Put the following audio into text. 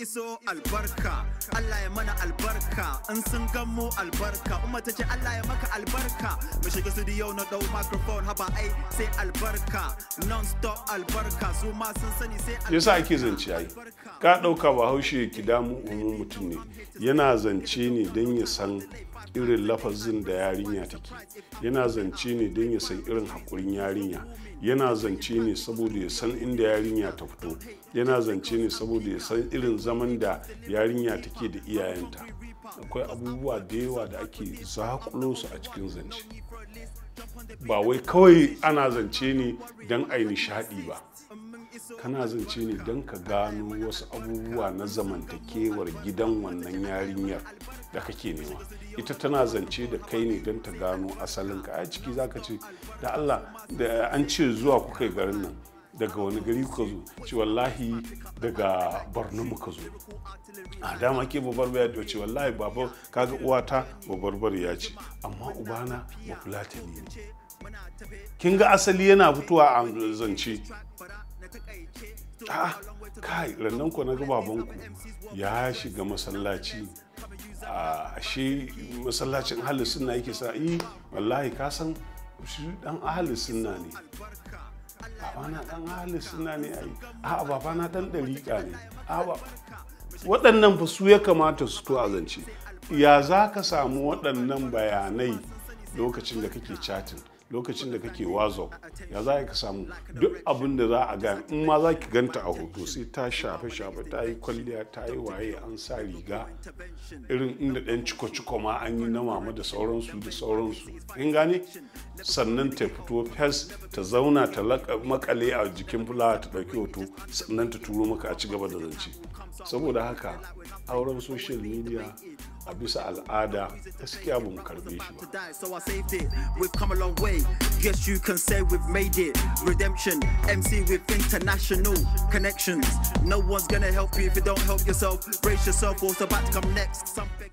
iso albarka Allah ya mana albarka in sun gan mu albarka umma ta ce Allah ya maka albarka mu shiga studio na dau microphone haba ai sai albarka non stop albarka su ma sun sani sai albarka yasa ake zance ai ka dauka ba bahaushe ki damu umu mutum ne yana zance ne dan ya san irin lafazin da yarinya take yana zance ne dan ya san irin hakurin yarinya yana zance ne saboda ya san inda yarinya ta fito yana zance ne saboda ya san irin zaman da yarinya take da iyayenta akwai abubuwa da yawa da ake zakulo su a cikin zance ba wai kawai ana zance ne don a yi nishaɗi ba kana zance ne don ka gano wasu abubuwa na zamantakewar gidan wannan yarinyar da kake nema ita tana zance da kai ne don ta gano asalinka a ciki zaka ce da allah da an ce zuwa kuka garin nan daga wani gari kuka zo ce wallahi daga borno muka zo a dama ke babar ya ce wallahi baba kaga uwata babar ya ce amma ubana ta ne kin ga asali yana fitowa a zance ah kai rannan ku na ga babanku ya shiga masallaci a shi masallacin ahalus sunna yake sa yi eh, wallahi ka san shi dan ahalus sunna ne babana dan hali suna ne a babana dan ɗariƙa ne ba. waɗannan fa su ya kamata su to azance ya za ka samu waɗannan bayanai lokacin da kake chatting lokacin da kake wazo ya za ka samu duk abin da za a ga in ma za ki ganta a hoto sai ta shafe shafe ta yi kwalliya ta yi waye an sa riga irin inda ɗan ciko-ciko ma an yi na mama da sauransu da sauransu in gane sannan ta fito fes ta zauna ta makale a jikin fulawa ta ɗauki hoto sannan ta turo maka a ci gaba da zance saboda haka auren social media a bisa al'ada gaskiya ba karbe shi ba. No one's gonna help you if you don't help yourself. Brace yourself, what's about to come next? Something